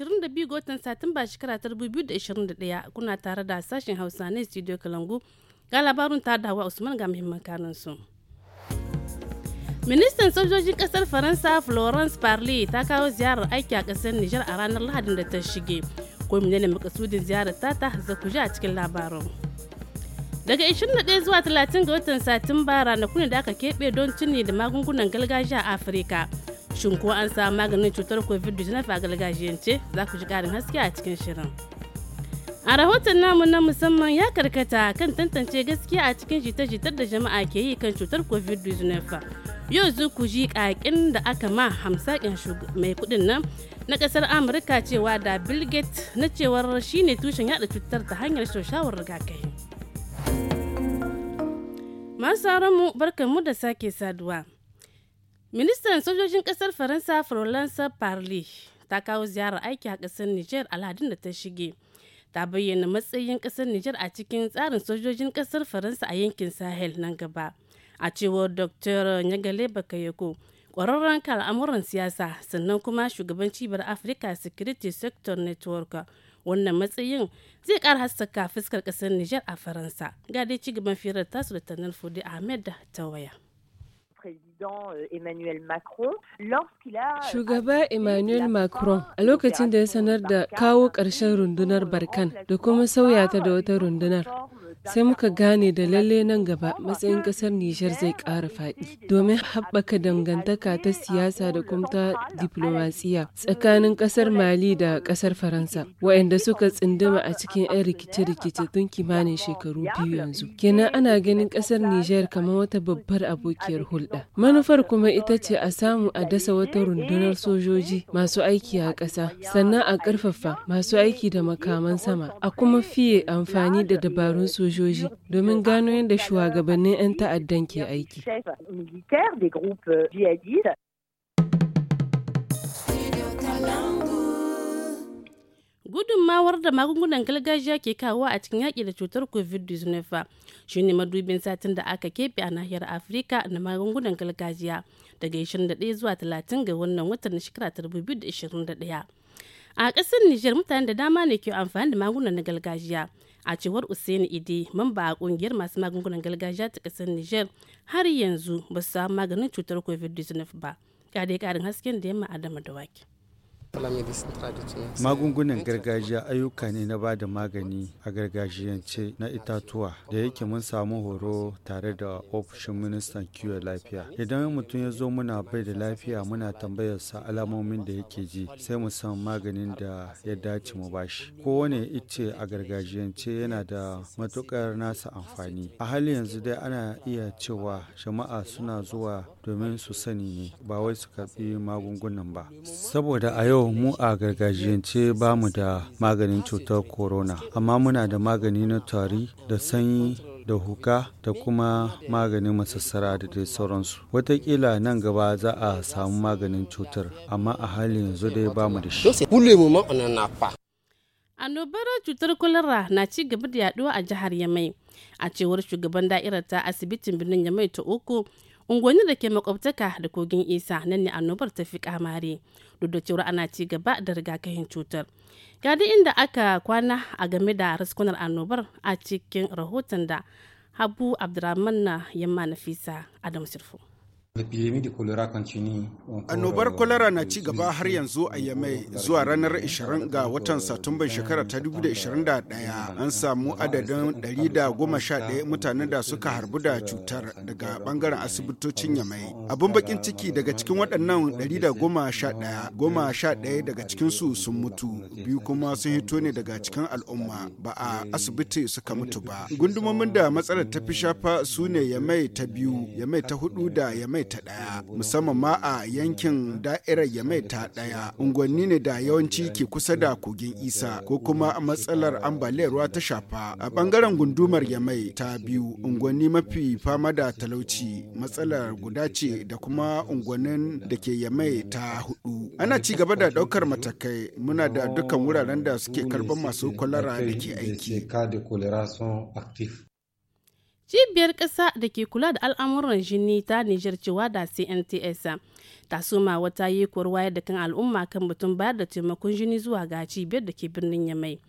22 ga watan Satumba shekara ta 2021 kuna tare da sashen Hausa na Studio Kalangu ga labarin ta da Hawa Usman ga muhimman kanin su. Ministan sojojin kasar Faransa Florence Parly ta kawo ziyarar aiki a kasar Nijar a ranar Lahadin da ta shige. Ko menene makasudin ziyarar ta ta zakuja a cikin labarin. daga 21 zuwa 30 ga watan satumba ranakun da aka keɓe don tuni da magungunan gargajiya a afirka shin ko an samu maganin cutar covid-19 a gargajiyance za ku ji karin haske a cikin shirin a rahoton namu na musamman ya karkata kan tantance gaskiya a cikin jita-jitar da jama'a ke yi kan cutar covid-19 yau zu ku ji kakin da aka ma hamsakin mai kudin nan na kasar amurka cewa da bill gates na cewar shine tushen yada cutar ta hanyar shawarar rigakafi masu mu barkan mu da sake saduwa ministan sojojin kasar faransa florence parly ta kawo ziyarar aiki a kasar niger alhadin da ta shige ta bayyana matsayin kasar niger a cikin tsarin sojojin kasar faransa a yankin sahel nan gaba a cewar dr nyagale bakayoko kwararren kal'amuran siyasa sannan kuma shugaban cibiyar africa security sector network wannan matsayin zai kara haskaka fuskar kasar niger a faransa ga dai cigaban firar tasu da tanar fudi ahmed da ta waya président euh, Emmanuel Macron lorsqu'il a euh, Shugaba Emmanuel Macron a lokacin da ya sanar da kawo ƙarshen rundunar Barkan da kuma sauya ta da wata rundunar sai muka gane da lalle nan gaba matsayin kasar Nijar zai ƙara faɗi domin haɓaka dangantaka ta siyasa da kuma ta diplomasiya tsakanin kasar euh, Mali da kasar Faransa waɗanda suka tsinduma a cikin 'yan rikice-rikice tun kimanin shekaru biyu yanzu. Kenan ana ganin kasar Nijar kamar wata babbar abokiyar hulɗa. Manufar kuma ita ce a samu a dasa wata rundunar sojoji masu aiki a ƙasa, sannan a ƙarfafa masu aiki da makaman sama, a kuma fiye amfani da dabarun sojoji domin gano yadda shugabannin 'yan ta'addan ke aiki. gudunmawar da magungunan gargajiya ke kawo a cikin yaƙi da cutar covid-19 ne madubin satin da aka kebe a nahiyar afirka na magungunan gargajiya daga 21 zuwa 30 ga wannan watan shekara 2021 a kasar nijar mutane da dama ne ke amfani da magungunan na gargajiya a cewar usaini ide mamba a ƙungiyar masu magungunan gargajiya ta kasar nijar har yanzu ba su samu maganin cutar covid-19 ba ƙarin hasken da yamma adama da wake Magungunan gargajiya ayyuka ne na bada magani a gargajiyance na itatuwa da yake mun samu horo tare da ofishin ministan kiwon lafiya. Idan mutum ya zo muna bai da lafiya muna tambayarsa alamomin da yake ji sai mu san maganin da ya dace mu bashi. Kowane ice a gargajiyance yana da matukar nasa amfani. A hali yanzu dai ana iya cewa jama'a suna zuwa domin su sani ne ba wai su karɓi magungunan ba saboda a yau mu a gargajiyance ba mu da maganin cutar corona amma muna da magani na tari da sanyi da huka da kuma maganin masassara da dai sauransu watakila nan gaba za a samu maganin cutar amma a halin yanzu dai ba mu da shi annobar cutar kwalara na ci gaba da yaduwa a jihar yamai a cewar shugaban da'irar ta asibitin birnin yamai ta uku unguwannin da ke makwabtaka da kogin isa nan ne annobar ta fi kamare duk da cewa ana ci gaba da rigakafin cutar ga inda aka kwana a game da raskunar annobar a cikin rahoton da habu abdulrahman na yamma nafisa adam sirfu Annobar kwalara na ci gaba har yanzu a Yamai zuwa ranar 20 ga watan Satumban shekara ta 2021 an samu adadin 111 mutanen da suka harbu da cutar daga bangaren asibitocin Yamai. Abin bakin ciki daga cikin waɗannan 111 goma sha ɗaya daga cikinsu sun mutu biyu kuma sun hito ne daga cikin al'umma ba a asibiti suka mutu ba. Gundumomin da matsalar ta fi shafa su ne Yamai ta biyu, Yamai ta hudu da Yamai Yamai ta ɗaya, musamman ma a yankin da'irar Yamai ta ɗaya. Unguwanni ne da yawanci ke kusa da kogin Isa ko kuma matsalar ambaliyar ruwa ta shafa. A bangaren gundumar Yamai ta biyu, unguwanni mafi fama da talauci matsalar guda ce da kuma unguwannin da ke Yamai ta hudu. Ana ci gaba da ɗaukar matakai muna da dukkan wuraren da suke karɓar masu kwalara da ke aiki. cibiyar ƙasa da ke kula da al'amuran jini ta nijar cewa da cnts ta soma wata yekuwar wayar da kan al'umma kan batun bayar da taimakon jini zuwa ga cibiyar da ke birnin yamai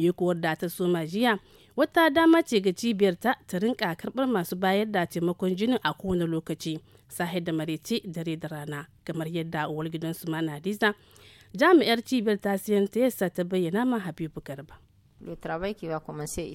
yekuwar da ta soma jiya wata dama ce ga cibiyar ta ta rinka karɓar masu bayar da taimakon jini a kowane lokaci sahi da marece dare da rana kamar yadda uwar gidan su mana hadiza jami'ar cibiyar ta cnts ta bayyana ma habibu garba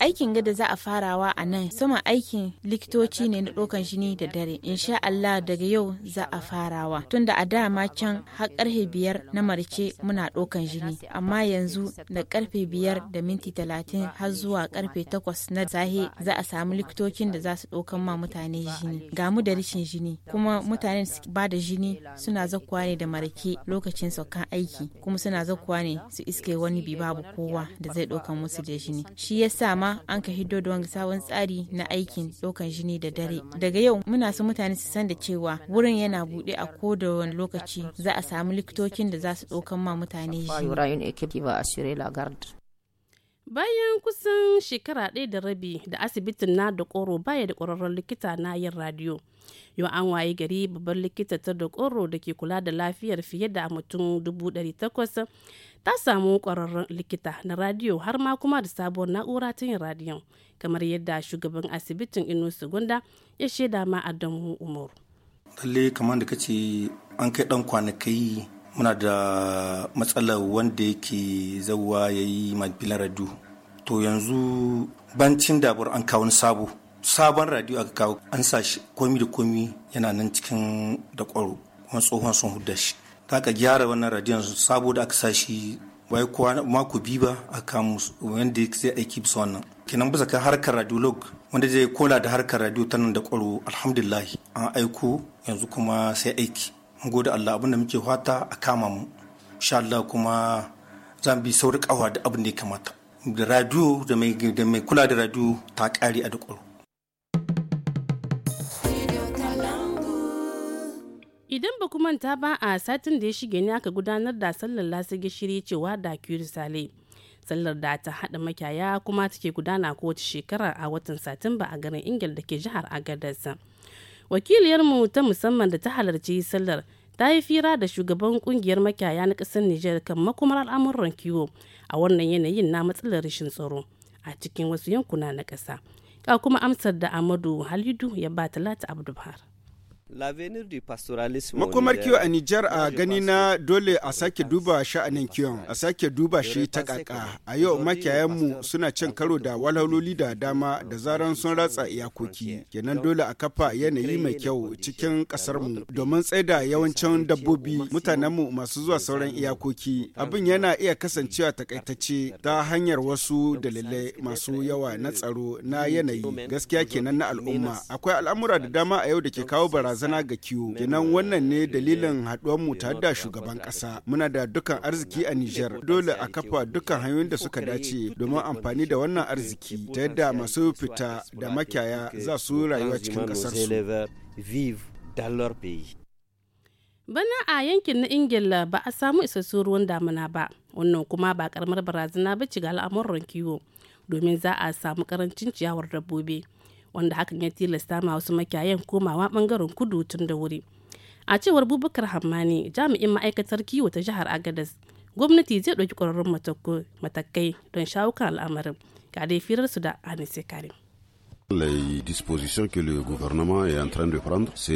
Aikin gada za a farawa a nan sama aikin likitoci ne na ɗaukan jini da dare. Insha Allah daga yau za a farawa. Tunda a dama can har karfe biyar na marce muna ɗaukan jini. Amma yanzu da karfe biyar da minti talatin har zuwa karfe takwas na zahe za a samu likitocin da za su ɗaukan ma mutane jini. Ga mu da rashin jini. Kuma mutanen da ba da jini suna zakuwa ne da marke lokacin saukan aiki. Kuma suna zakuwa ne su iske wani bi babu kowa da zai ɗaukan musu da jini shi yasa ma an ka hiddo da wani sabon tsari na aikin ɗaukan jini da dare daga yau muna so mutane su san da cewa wurin yana buɗe a ko da wani lokaci za a samu likitokin da za su ɗaukan ma mutane jini bayan kusan shekara ɗaya da rabi da asibitin na da koro baya da ƙwararren likita na yin radiyo yau an waye gari babbar likita ta da koro da ke kula da lafiyar fiye da mutum takwas ta samu ƙwararren likita na radiyo har ma kuma da sabuwar na'ura ta yin radiyon kamar yadda shugaban asibitin inu segunda ya shaida ma adamu umaru lalle kamar da kace an kai dan kwanakai muna da matsalar wanda yake zauwa ya yi mabilan radio to yanzu bancin da bar an kawo sabo sabon radio aka kawo an sa shi komi da komi yana nan cikin da kwaro kuma tsohon sun hudda shi ta aka gyara wannan radiyon sabo da aka sa shi wai kuwa mako biyu ba a kamu wanda zai aiki bisa wannan kenan bisa kan harkar radiolog wanda zai kola da harkar radio ta nan da kwaro alhamdulillah an aiko yanzu kuma sai aiki gode Allah abinda muke fata a kama mu insha Allah kuma za mu bi saurin kawa da abin da ya kamata da radio da mai kula da radio ta kare a duk Idan ba ku manta ba a satin da ya shige ne aka gudanar da sallar lasa gishiri cewa da sale Sallar da ta hada makiyaya kuma take gudana kowace shekara a watan Satumba a garin Ingil da ke jihar Agadarsa. wakiliyarmu ta musamman da ta halarci sallar ta yi fira da shugaban kungiyar makiyaya na ƙasar Nijar kan makomar al'amuran kiwo a wannan yanayin na matsalar rashin tsaro a cikin wasu yankuna na ƙasa. Ka kuma amsar da Amadu Halidu ya ba Talata Abdulbahar. makomar kiwo a Nijar a gani na dole a sake duba sha'anin kiwon a sake duba shi ta kaka a yau makiyayanmu suna cin karo da walhaloli da dama da zaran sun ratsa iyakoki kenan dole a kafa yanayi mai kyau cikin kasarmu domin tsaida yawancin dabbobi mutanenmu masu zuwa sauran iyakoki abin yana iya kasancewa takaitacce ta hanyar wasu dalilai masu yawa na tsaro na yanayi gaskiya kenan na al'umma akwai al'amura da dama a yau da ke kawo barazana barazana ga kiwo. Kenan wannan ne dalilin haɗuwar mu tare da shugaban ƙasa. Muna da dukkan arziki a niger Dole a kafa dukkan hanyoyin da suka dace domin amfani da wannan arziki ta yadda masu fita da makiyaya za su rayuwa cikin kasar Bana a yankin na Ingila ba a samu isassun ruwan damuna ba, wannan kuma ba karamar barazana ba ci ga al'amuran kiwo, domin za a samu karancin ciyawar dabbobi. wanda hakan ya tilasta ma wasu makiyayan komawa bangaren kudu tun da wuri a cewar bubakar hammani jami'in ma'aikatar kiwo ta jihar agadas gwamnati zai ɗauki ƙwararrun matakai don shawo al'amarin ga dai firarsu da anise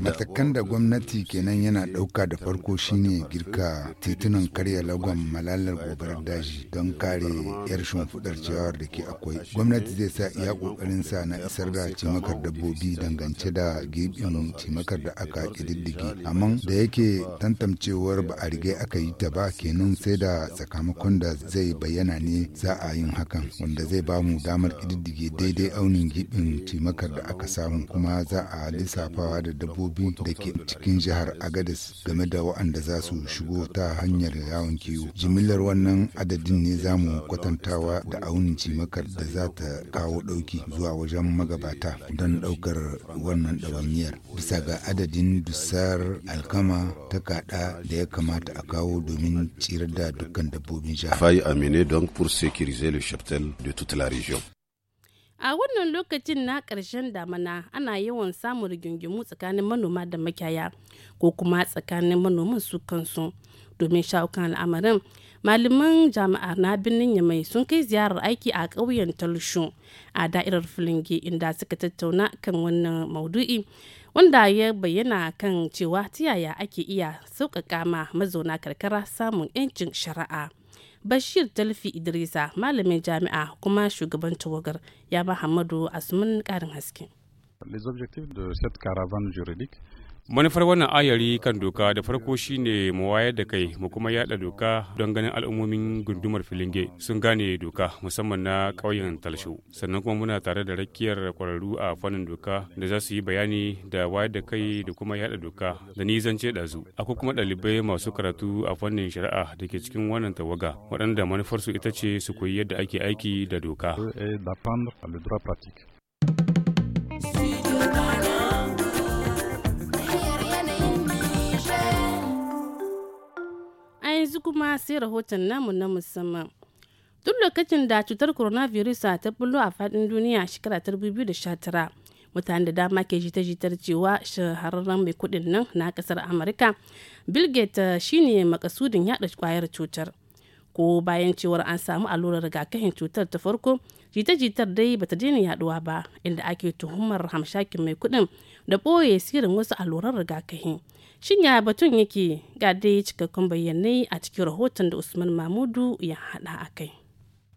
Matakan da gwamnati kenan yana ɗauka da farko shine girka titunan karya lagon malalar gobarar daji don kare 'yar shimfiɗar ciyawar da ke akwai. Gwamnati zai sa iya ƙoƙarin sa na isar da cimakar dabbobi dangance da gibin cimakar da aka ƙididdige. Amma da yake tantancewar ba a riga aka yi ta ba kenan sai da sakamakon da zai bayyana ne za a yin hakan wanda zai ba mu damar ƙididdige daidai aunin gibin yawan cimakar da aka samu kuma za a lissafawa da dabbobi da ke cikin jihar agadis game da waɗanda za su shigo ta hanyar yawon kiwo jimillar wannan adadin ne za mu kwatantawa da aunin cimakar da za ta kawo ɗauki zuwa wajen magabata don ɗaukar wannan ɗawainiyar bisa ga adadin dusar alkama ta kaɗa da ya kamata a kawo domin tsirar da dukkan dabbobin jihar. Fayi amine don pour sécuriser le cheptel de toute la a wannan lokacin na ƙarshen damana ana yawan samun rigingimu tsakanin manoma da makiyaya ko kuma tsakanin manoman su kansu domin shawukan al'amarin malaman jami'a na birnin yamai sun kai ziyarar aiki a ƙauyen talushu a da'irar filinge inda suka tattauna kan wannan maudu'i wanda ya bayyana kan cewa ta yaya ake iya sauƙaƙa ma mazauna karkara samun 'yancin shari'a. bashir dalfi idrisa malamin jami'a kuma shugaban tawagar ya ba hamadu asumin karin haske les objectifs de cette caravane juridique manufar wannan ayari kan doka da farko shine mu wayar da kai mu kuma yada doka don ganin al'ummomin gundumar filinge sun gane doka musamman na ƙauyen talsho sannan kuma muna tare da rakiyar kwararru a fannin doka da za su yi bayani da wayar da kai da kuma yada doka da ni zance ɗazu akwai kuma ɗalibai masu karatu a fannin shari'a da ke cikin wannan tawaga waɗanda manufarsu ita ce su koyi yadda ake aiki da doka kuma sai rahoton namu na musamman. Duk lokacin da cutar coronavirus ta bullo a faɗin duniya shekara ta 2019, mutane da dama ke jita-jitar cewa shahararren mai kuɗin nan na ƙasar Amurka, Bill Gates shine makasudin yaɗa kwayar cutar. Ko bayan cewar an samu allurar rigakafin cutar ta farko, jita-jitar dai bata daina yaduwa ba, inda ake tuhumar hamshakin mai kuɗin da ɓoye sirrin wasu allurar rigakafin. Shin batun yake ga dai cikakkun bayanai a cikin rahoton da Usman Mamudu ya hada a kai.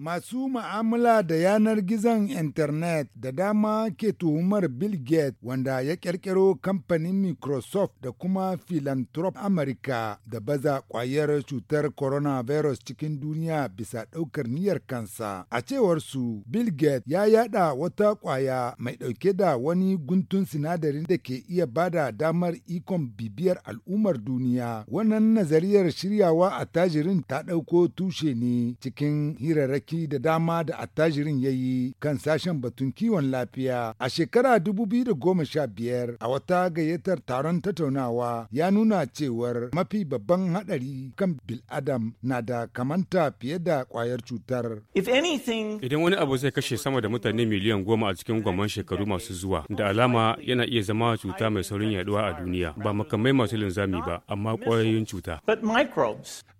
Masu ma'amala da yanar gizon intanet da dama ke tuhumar Bill Gates wanda ya ƙirƙiro kamfanin Microsoft da kuma Philanthrop America da baza ƙwayar cutar coronavirus cikin duniya bisa ɗaukar niyyar kansa. A cewar su, Bill Gates ya yada wata ƙwaya mai ɗauke da wani guntun sinadarin da ke iya bada damar ikon bibiyar al'ummar duniya. Wannan nazariyar shiryawa a tajirin ta ɗauko tushe ne cikin hirarraki aiki da dama da attajirin ya yi kan sashen batun kiwon lafiya a shekara 2015 a wata gayyatar taron tattaunawa ya nuna cewar mafi babban hadari. kan bil'adam na da kamanta fiye da kwayar cutar. Idan wani abu zai kashe sama da mutane miliyan goma a cikin gwamman shekaru masu zuwa da alama yana iya zama cuta mai saurin yaduwa a duniya ba makamai masu linzami ba amma kwayoyin cuta.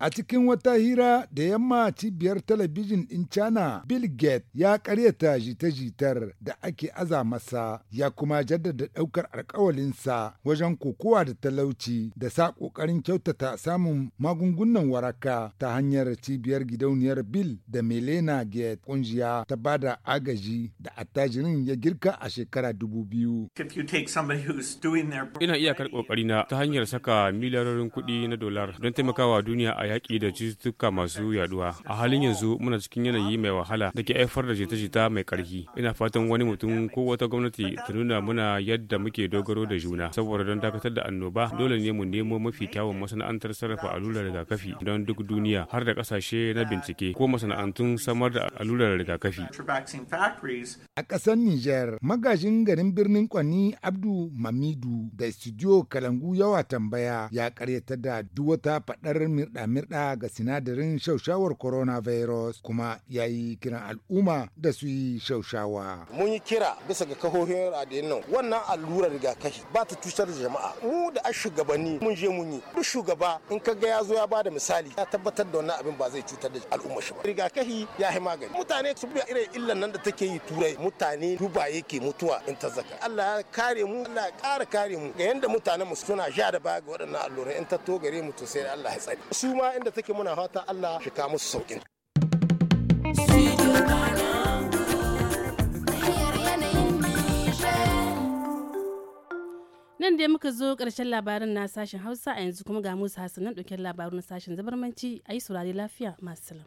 A cikin wata hira da yamma cibiyar talabijin ɗin in China Bill Gates ya karyata jita-jitar da ake aza masa ya kuma jaddada daukar alkawalinsa wajen kokowa da talauci da sa kokarin kyautata samun magungunan waraka ta hanyar cibiyar gidauniyar Bill da Melena Gates kungiya ta bada agaji da attajirin ya girka a shekara dubu Ina iyakar kokarina ta hanyar saka miliyarorin kuɗi na dolar don taimakawa duniya a yaƙi da cututtuka masu yaduwa. A halin yanzu muna cikin cikin yanayi mai wahala da ke haifar da jita-jita mai ƙarfi ina fatan wani mutum ko wata gwamnati ta nuna muna yadda muke dogaro da juna saboda don dakatar da annoba dole ne mu nemo mafi kyawun masana'antar sarrafa alular rigakafi don duk duniya har da kasashe na bincike ko masana'antun samar da allurar rigakafi a ƙasar niger magajin garin birnin Kwani Abdu Mamidu da studio Kalangu yawa tambaya ya karyata da duwata wata faɗar mirɗa-mirɗa ga sinadarin shaushawar coronavirus kuma ya yi kiran al'umma da su yi shaushawa. Mun yi kira bisa ga kahohin radiyon nan wannan allurar rigakafi ba ta cutar da jama'a. Mu da a shugabanni mun je mun yi duk shugaba in ka ga ya zo ya ba misali ya tabbatar da wannan abin ba zai cutar da al'umma shi ba. Rigakafi ya yi magani. Mutane su bi irin illan nan da take yi turai mutane duba ke mutuwa in ta zaka. Allah ya kare mu Allah ya kara kare mu ga yanda mutane mu suna sha da baya ga waɗannan allurai in ta to gare mu to sai Allah ya tsare. Su ma inda take muna fata Allah shi ka musu saukin. nan dai muka zo ƙarshen labarin na sashen hausa a yanzu kuma ga musu hasanan ɗauke labarun sashen zabarmanci a yi saurari lafiya masu salam